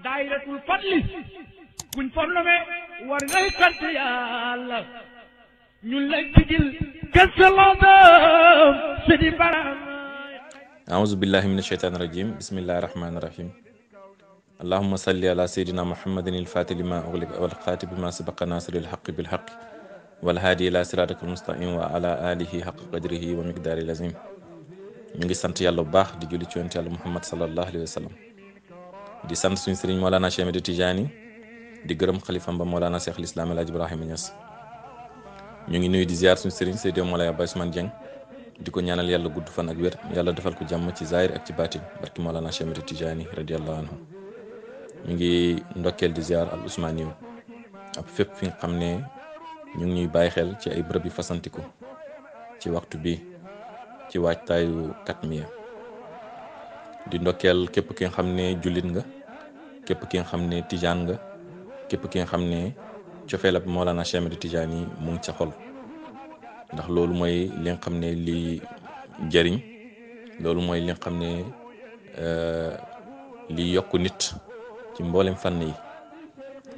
daayiratul fadli buñ fornome war ngay sant yàlla ñun la jigil kësalaadam si di baram aouzu billahi min asheytaan irajim bismillahi irahmani irahim allahuma salli ala seydina muhammadin ilfati lima uxlika walxaati bi ma sabaqa nasiri lxaqi bilxaqi walhaadi ila siraatika almustaqim wa ala alihi xaq qadrihi wa miqdaari lazim ñu ngi sant yàlla bu baax di julli ci yonent yàlla muhammad sallallahu alayhi wa sallam di sant suñ sëriñ Mawlana Cheikh Ahmed Tidiane di gërëm xalifam ba Mawlana Cheikh Lislaam El Hadj Ibrahima Niass ñu ngi nuyu di ziar suñ sëriñ Seydou Moulay Abass Man Dieng di ko ñaanal yàlla gudd fan ak wér yàlla defal ko jàmm ci zahir ak ci baatin barki Mawlana Cheikh Ahmed Tidiane radiyallahu anhu ñu ngi ndokkeel di ziar al Ousmaniyu ab fépp fi nga xam ne ñu ngi ñuy bàyyi xel ci ay bërëb yu fasantiku ci waxtu bi ci waajtaayu katmiya di ndokkeel képp ki nga xam ne jullit nga képp ki nga xam ne tijaan nga képp ki nga xam ne cofeel ab Mawlana yi mu ngi sa xol ndax loolu mooy li xam ne lii jëriñ loolu mooy li xam ne eh, lii yokk nit ci mboolem fànn yi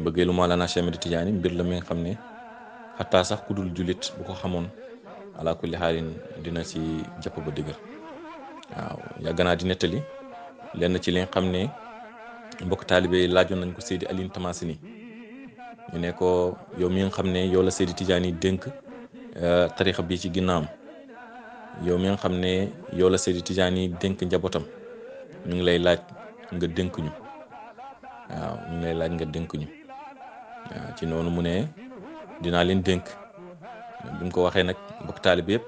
mbëggeelu Mawlana Cheikh Ahmed Tidiane yi mbir la mi nga xam ne xataa sax ku dul julit bu ko xamoon ala kulli xaalin dina si jàpp ba dëgër waaw yàgg naa di nettali lenn ci li nga xam ne mbokk taalibe yi nañ ko Seydi Alioune Tamassini ñu ne ko yow mi nga xam ne yow la Seydi Tidiane yi dénk euh, tarixa bi ci ginnaawam yow mi xam ne yow la Seydi Tidiane yi dénk njabootam ñu ngi lay laaj nga dénk ñu laaj nga dénk ci noonu mu ne dinaa leen dénk bi ko waxee nag mbokk taalibe yëpp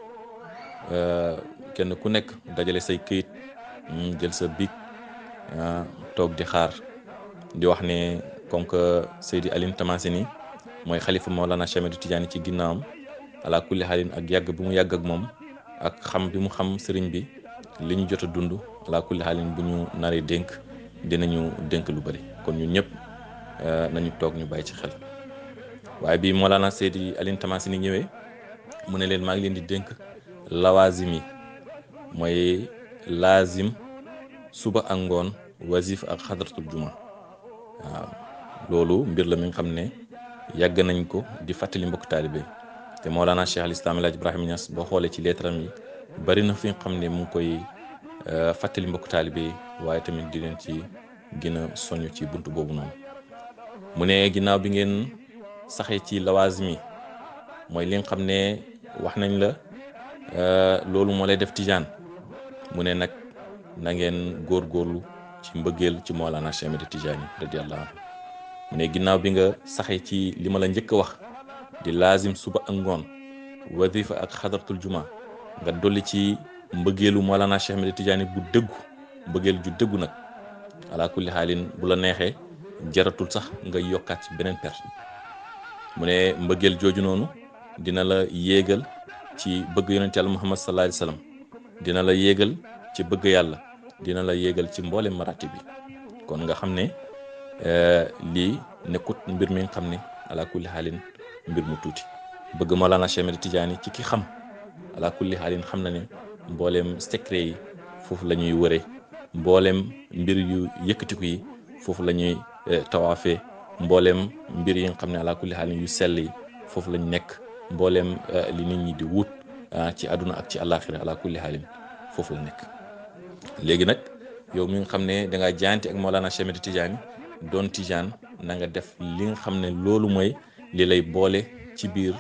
euh, kenn ku nekk dajale say këyit mm, jël sa bic ah, toog di xaar di wax ne comme que Seydi Alioune Tamassiny mooy xalifa Mawlana Cheikh Ahmed Tidiane ci ginnaawam ala kulli xaalin ak yàgg bi mu yàgg ak moom ak xam bi mu xam sëriñ bi li jot dund ala bu ñu naree dénk dinañu dénk lu bëri kon ñun ñëpp ah, nañu toog ñu bàyyi ci xel waaye bi Mawlana Seydi Alioune Tamassiny ñëwee mu ne leen maa ngi leen di dénk lawazim mooy laazim suba ak ngoon wasif ak xadratul juma waaw loolu mbir la mi nga xam ne yàgg nañ ko di fàttali mbokk taalibe te moo Cheikh al Islam El Hadj Ibrahima Niass boo xoolee ci leetaram yi bari na fi nga xam ne mu ngi koy euh, fàttali mbokk taalibe waaye tamit di leen ci gina a soñu ci bunt boobu noonu mu ne ginnaaw bi ngeen saxee ci lawaazim mi mooy li nga xam ne wax nañ la euh, loolu moo lay def tijaan mu ne nag na ngeen góorlu ci mbëggeel ci Mawlana Cheikh Ahmed Tidiane radiyallahu anhu mu ne ginnaaw bi nga saxee ci li ma la njëkk a wax di laazim suba ak ngoon wadifa ak xadratul juma nga dolli ci mbëggeelu Mawlana Cheikh Ahmed bu dëggu mbëggeel ju dëggu nag ala xaalin bu la neexee jaratul sax nga yokkaat ci beneen per mu ne mbëggeel jooju noonu dina la yéegal ci bëgg yonente Yàlla Muhammad sallallahu alayhi wa dina la yéegal ci bëgg yàlla dina la yéegal ci mbooleem marati bi kon nga xam ne eh, lii nekkut mbir mi nga xam ne ala kulli xaalin mbir mu tuuti bëgg Mawlana Cheikh Ahmed Tidiane ci ki xam ala kulli xaalin xam na ne mbooleem secret yi foofu lañuy wëre mbooleem mbir yu yëkkatiku yi foofu la ñuy eh, tawaafee mbooleem mbir yi nga xam ne ala kulli xaalin yu sell yi foofu lañ nekk mbooleem eh, li nit ñi di wut Ah, ci àdduna ak ci àllaaxira ala kulli xaalim foofu la nekk léegi nag yow mi nga xam ne da ngaa jaayante ak Mawlana Cheikh Ahmed Tidiane doon Tijaan na nga def li nga xam ne loolu mooy li lay boole ci biir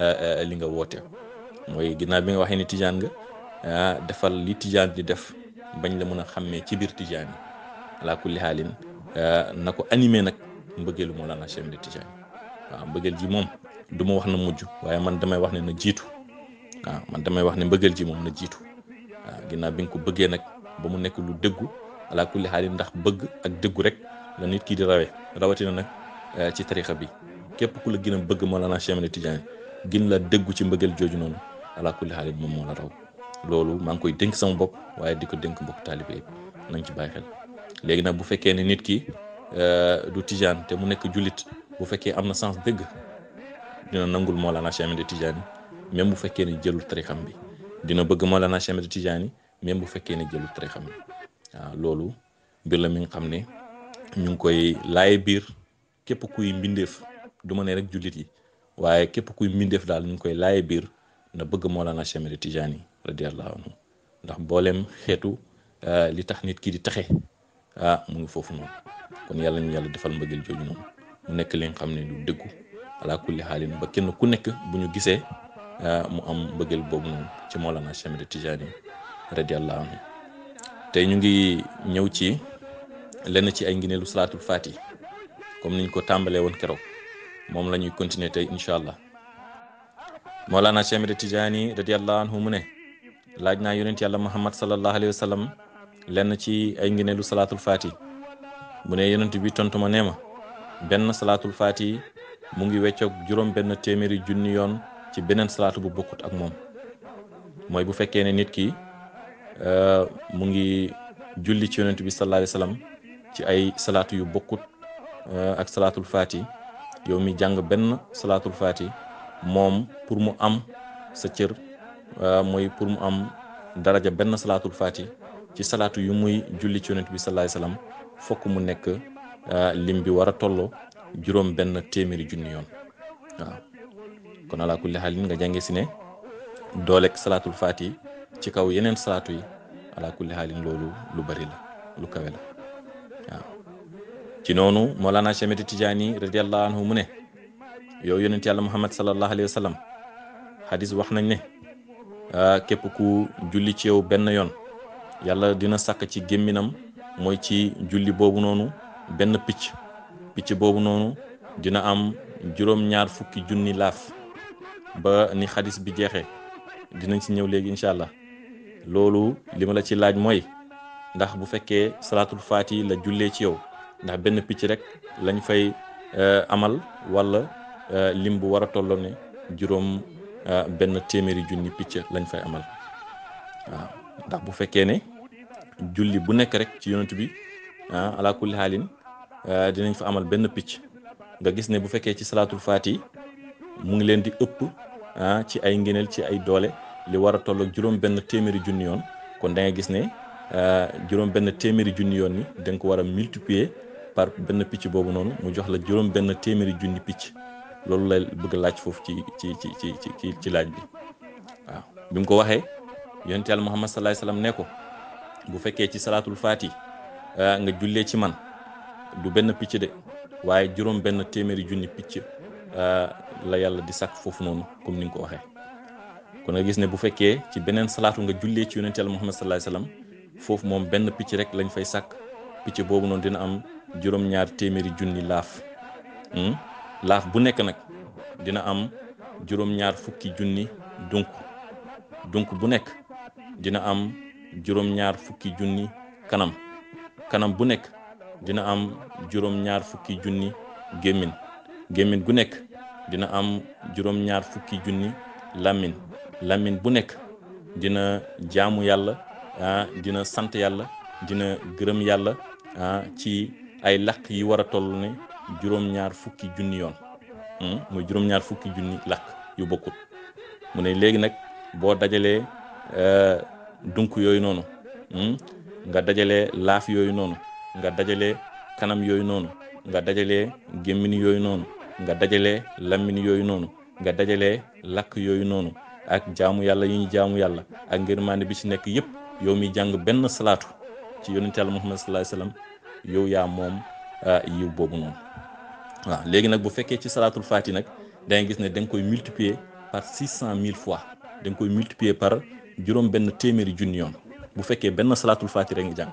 eh, eh, li nga woote mooy ginnaaw bi nga waxee ni Tijaan nga ah, defal li Tijaan di def bañ la mën a xam xàmmee ci biir Tijaan yi ala kulli xaalim eh, na ko animé nag mbëggeelu Mawlana Cheikh Ahmed Tidiane waaw mbëggeel ji moom du ma wax na mujj waaye man damay wax ne na jiitu. waaw man damay wax ne mbëggeel ji moom na jiitu waaw ginnaaw bi nga ko bëggee nag ba mu nekk lu déggu ala kulli ndax bëgg ak dëggu rek la nit kii di rawee rawatina nag eh, ci tarixa bi képp ku la gën a bëgg Mawlana Cheikh Ahmed Tidiane gën la dëggu ci mbëggeel jooju noonu ala moom moo la raw loolu maa ngi koy dénk sama bopp waaye di ko dénk mbokk taalibe yëpp nañ ci bàyyi xel léegi nag bu fekkee ne nit ki eh, du tijaan te mu nekk jullit bu fekkee am na sens dëgg dina nangul Mawlana Cheikh de Tidiane même bu fekkee ne jëlul tarixam bi dina bëgg Mawlana Cheikh Ahmed Tidiane même bu fekkee ne jëlul tarixam bi waaw loolu mbir la mi nga xam ne ñu ngi koy laaye biir képp kuy mbindeef du ma ne rek jullit yi waaye képp kuy mbindeef daal ñu ngi koy laaye biir na bëgg Mawlana Cheikh Ahmed Tidiane radiyallahu anhu ndax booleem xeetu euh, li tax nit ki di taxe ah mu ngi foofu noonu kon yàlla ñu yàlla defal mbëggeel jooju noonu mu nekk li nga xam ne du dëggu ala kulli ku nekk bu ñu gisee Euh, mu am mbëggeel boobu noonu ci Mawlana Cheikh Ahmed Tidiane radiyallahu tey ñu ngi ñëw ci lenn ci ay ngineelu salaatul faati comme niñ ko tàmbalee woon keroog moom la ñuy continuer tey incha allah Mawlana Cheikh Ahmed Tidiane radiyallahu mu ne laaj naa yonent yàlla Muhammad sallallahu alayhi wa sallam lenn ci ay ngineelu salaatul faati mu ne yonent bi tontu ma nee ma benn salaatul faati mu ngi weccoog juróom benn téeméeri junni yoon. ci beneen salaatu bu bokkut ak moom mooy bu fekkee ne nit ki euh, mu ngi julli ci yonent bi sallallahu alayhi ci ay salaatu yu bokkut euh, ak salaatul faati yow mi jàng benn salaatul faati moom pour mu am sa cër euh, mooy pour mu am daraja benn salaatul faati ci salaatu yu muy julli ci yonent bi sallallahu alayhi fokk mu nekk lim bi war a tolloo juróom benn téeméeri junni yoon kon ala kulli xaalin nga jànge si ne dooleeg salaatul faati ci kaw yeneen salaatu yi ala xaalin loolu lu bari la lu kawe la ci noonu Mawlana Chameti Tijaani radiallahu anhu mu ne yow yonent yàlla Muhammad sallallahu alayhi wa sallam wax nañ ne képp ku julli ci yow benn yoon yàlla dina sàkk ci gémminam mooy ci julli boobu noonu benn picc picc boobu noonu dina am juróom-ñaar fukki junni laaf ba ni xadis bi jeexee dinañ si ñëw léegi incha allah loolu li la ci laaj mooy ndax bu fekkee salaatul faati la jullee ci yow ndax benn picc rek lañ fay eh, amal walla eh, lim bu war a tolloo ne juróom eh, benn téeméeri junni picc lañ fay amal waaw ndax bu fekkee ne julli bu nekk rek ci yonent bi ah alaa kulli xaalin dinañ fa amal benn picc nga gis ne bu fekkee ci salaatul faati mu ngi leen di ëpp ah ci ay ngëneel ci ay doole li war a toll ak juróom benn téeméeri junni yoon kon dangay gis ne ah, juróom benn téeméeri junni yoon yi da ko war a multiplier par benn picc boobu noonu mu jox la juróom téeméeri junni picc loolu lay bëgg laaj foofu ci ci ci ci ci ci laaj bi waaw bi mu ko waxee yonent Yàlla Muhammad salaay salaam ne ko bu fekkee ci salaatul faati ah, nga jullee ci man du benn picc de waaye juróom benn téeméeri junni picc ah, la yàlla di sàkk foofu noonu comme ni nga ko waxee kon nga gis ne bu fekkee ci beneen salaatu nga jullee ci yonent yàlla Muhammad sallallahu alayhi wasallam foofu moom benn picc rek lañ fay sàkk picc boobu noonu dina am juróom téeméeri junni laaf hmm? laaf bu nekk nag dina am juróom-ñaar fukki junni dunk dunk bu nekk dina am juróom-ñaar fukki junni kanam kanam bu nekk dina am juróom-ñaar fukki junni gémmin gémmin gu nekk dina am juróom-ñaar fukki junni làmmin làmmin bu nekk dina jaamu yàlla ah, dina sant yàlla dina gërëm yàlla ah, ci ay làkk yi war a toll ne juróom-ñaar fukki junni yoon hmm? muy juróom-ñaar fukki junni làkk yu bokkut mu ne léegi nag boo dajalee eh, dunk yooyu noonu hmm? nga dajalee laaf yooyu noonu nga dajalee kanam yooyu noonu nga dajalee gémmin yooyu noonu nga dajale lammin yooyu noonu nga dajale lakk yooyu noonu ak jaamu yàlla yi ñu jaamu yàlla ak ngërmaande bi ci nekk yëpp yow mi jàng benn salaatu ci yonent yàlla muhammad sallallahu alayhi wasallam yow yaa moom ah, yiw boobu noonu waaw léegi nag bu fekkee ci salaatul faati nag dangay gis ne da nga koy multiplier par six cent mille fois da koy multiplier par juróom benn téeméeri junni yoon bu fekkee benn salaatul faati rek ngi jàng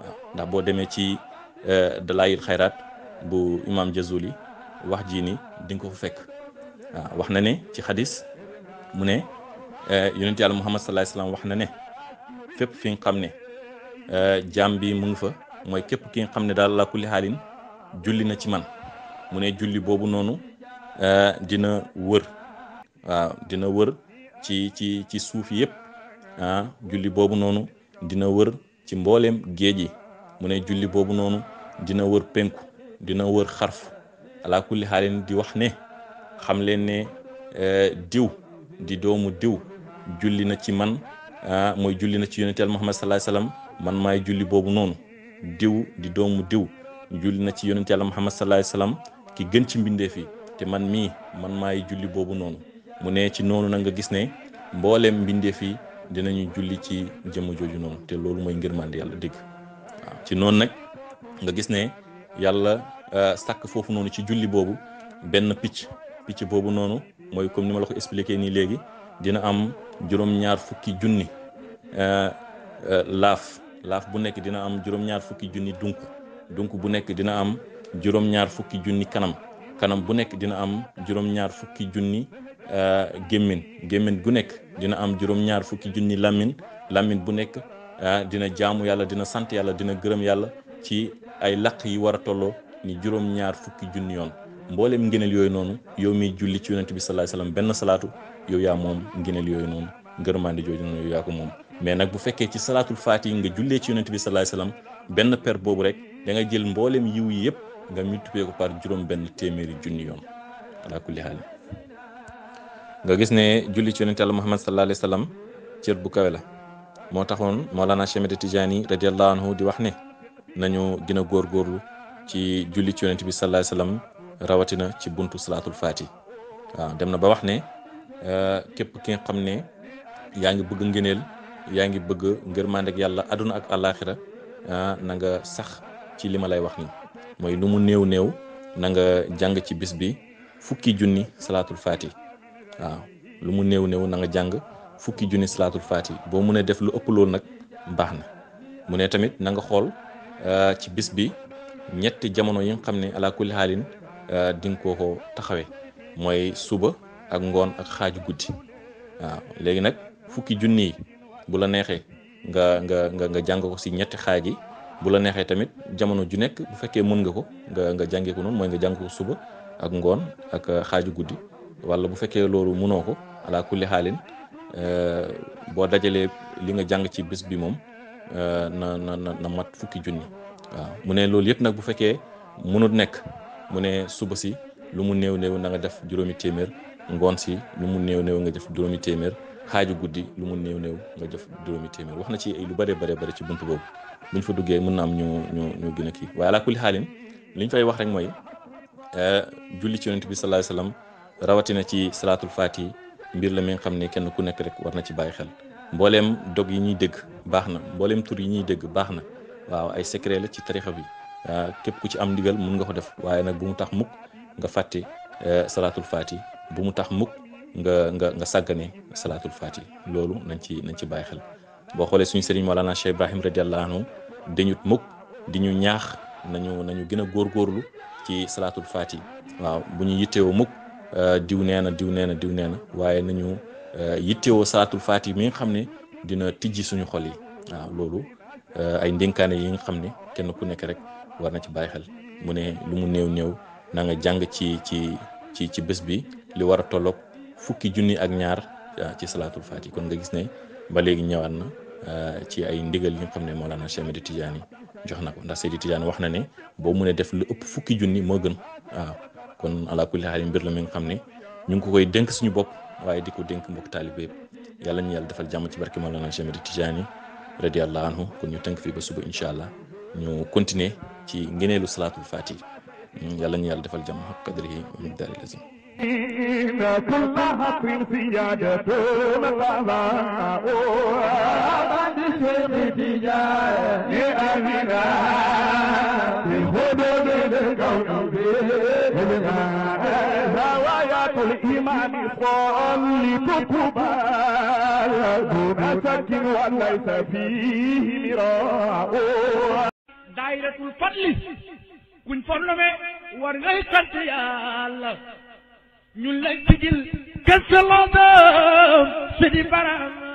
waaw ndax boo demee ci eh, dalaayil xayraat bu imam Jazuli wax jii ni din nga ko fekk wax na ne ci xadis mu ne eh, yonent yàlla muhammad sallallahu alayhi wax na ne fépp fi nga xam ne eh, jaam bi mu ngi fa mooy képp ki nga xam ne daal la kulli xaalin julli na ci man mu ne julli boobu noonu eh, dina wër wër ci ci ci suuf yëpp ah julli boobu noonu dina wër ci mbooleem géej yi mu ne julli boobu noonu dina wër penku dina wër xarf ala kulli di wax ne xam leen ne euh, diw di doomu diw julli na ci man ah, mooy julli na ci yonenteel Muhammad sallallahu alayhi man maay julli boobu noonu diw di doomu diw julli na ci yonent yàlla Muhammad sallallahu alayhi ki gën ci mbindee fii te man mii man maay julli boobu noonu mu ne ci noonu nag nga gis ne mbooleem mbindeef yi dinañu julli ci jëmm jooju noonu te loolu mooy ngir mànd yàlla dégg waaw ci noonu nag nga gis ne yàlla Euh, sàkk foofu noonu ci julli boobu benn picc picc boobu noonu mooy comme ni ma la ko expliqué nii léegi dina am juróom-ñaar fukki junni euh, euh, laaf laaf bu nekk dina am juróom fukki junni dunk dunk bu nekk dina am juróom fukki junni kanam kanam bu nekk dina am juróom fukki junni gémmin gémmin gu nekk dina am juróom fukki junni lammin lammin bu nekk dina jaamu yàlla dina sant yàlla dina gërëm yàlla ci ay laq yi war a tolloo ni juróom ñaar fukki junni yoon mbooleem ngëneel yooyu noonu yow mi julli ci yonent bi sallallahu alayhi benn salaatu yow yaa moom ngëneel yooyu noonu ngërmaande jooju noonu yow yaa ko moom mais nag bu fekkee ci salaatul yi nga jullee ci yonent bi sallallahu alayhi wasallam benn per boobu rek da jël mbooleem yiw yi yëpp nga multiplier ko par juróom benn téeméeri junni yoon ala kulli haal nga gis ne julli ci yonent yàlla Muhammad sallallahu alayhi wasallam bu kawe la moo taxoon Mawlana Cheikh Ahmed Tidiane radiyallahu anhu di wax ne nañu gën a góorgóorlu ci julli ci yonent bi sallallahu alayhi rawatina ci buntu salaatul faati waaw dem na ba wax ne euh, képp ki nga xam ne yaa ngi bëgg ngëneel yaa ngi bëgg ngërmande ak yàlla àdduna ak alaaxira ah, nanga sax ci li ma lay wax ni mooy lu mu néew néew na nga jàng ci bis bi fukki junni salaatul faati waaw lu mu néew néew nanga jàng fukki junni salaatul faati boo mënee def lu ëpp loolu nag baax na mu ne tamit nanga xool euh, ci bis bi ñetti jamono yi nga xam ne ala kulli xaalin euh, di nga koo ko taxawee mooy suba ak ngoon ak xaaju guddi waaw léegi nag fukki junni yi bu la neexee nga nga jàng ko si ñetti xaaj yi bu la neexee tamit jamono ju nekk bu fekkee mën nga ko nga nga jàngee ko noonu mooy nga jàng ko suba ak ngoon ak xaaju guddi wala bu fekkee loolu mënoo ko ala kulli xaalin euh, boo dajalee li nga jàng ci bés bi moom euh, na na mat fukki junni. waaw mu ne loolu yëpp nag bu fekkee mënut nekk mu ne suba si lu mu néew néew na nga def juróomi téeméer ngoon si lu mu néew néew nga def juróomi téeméer xaaju guddi lu mu néew néew nga def juróomi téeméer wax na ci lu bëree bare bëri ci buntu boobu ñu fa duggee mën na am ñu ñu ñu gën a kii waaye alaa kulli xaalin liñ fay wax rek mooy eh, julli ci yonent bi sallallahu alayhi wasallam rawatina ci salaatul faati mbir la mi nga xam ne kenn ku nekk rek war na ci bàyyi xel mbooleem dog yi ñuy dégg baax na mbooleem tur yi ñuy dégg baax na waaw ay secret la ci tarixa bi ah, képp ku ci am ndigal mun nga ko def waaye nag bu mu tax mukk nga fàtte eh, salaatul faati bu mu tax mukk nga nga nga sàggane salaatul faati loolu nañ ci nañ ci bàyyi xel boo xoolee suñu sëriñ Mawlana Cheikh Ibrahim radiyallahu anhu dañut mukk di ñu ñaax nañu nañu gën a góorgóorlu ci salaatul faati waaw bu ñu yittewoo mukk eh, diw nee na diw nee na diw nee waaye nañu eh, yittewoo salaatul faati mi nga xam ne dina tijji suñu xol yi waaw loolu Euh, ay ndenkaane yi nga xam ne kenn ku nekk rek war na ci bàyyi xel mu ne lu mu néew néew na nga jàng ci ci ci ci bés bi li war a tolloog fukki junni ak ñaar euh, ci salaatul faati kon nga gis ne ba léegi ñëwaat na euh, ci ay ndigal yi nga xam ne Mawlana Cheikh Ahmed jox na ko ndax Seydi Tidiane wax na ne boo mënee def lu ëpp fukki junni moo gën waaw kon ala kulli xaal mbir la mi nga xam ne ñu ngi ko koy denk suñu bopp waaye di ko denk mbokk taalibe yëpp yàlla ñu yàlla defal jàmm ci barke Mawlana Cheikh Ahmed Tidiane yi radiallahu anhu kon ñu tënk fii ba suba incha allah ñu continuer ci ngëneelu salaatul fatih mm, yàlla ñu yàlla defal jàmm xaq qadrihi wa miqdaari lazim كل حق سيادة مطلع أبد الشيخ تجارة لأهلنا الإمام خالف قبال دون شك وليس فيه مراء دائرة الفضل كن فرنمي ورغي سنت يا الله ñun lay digil gëstu loo doon si di baram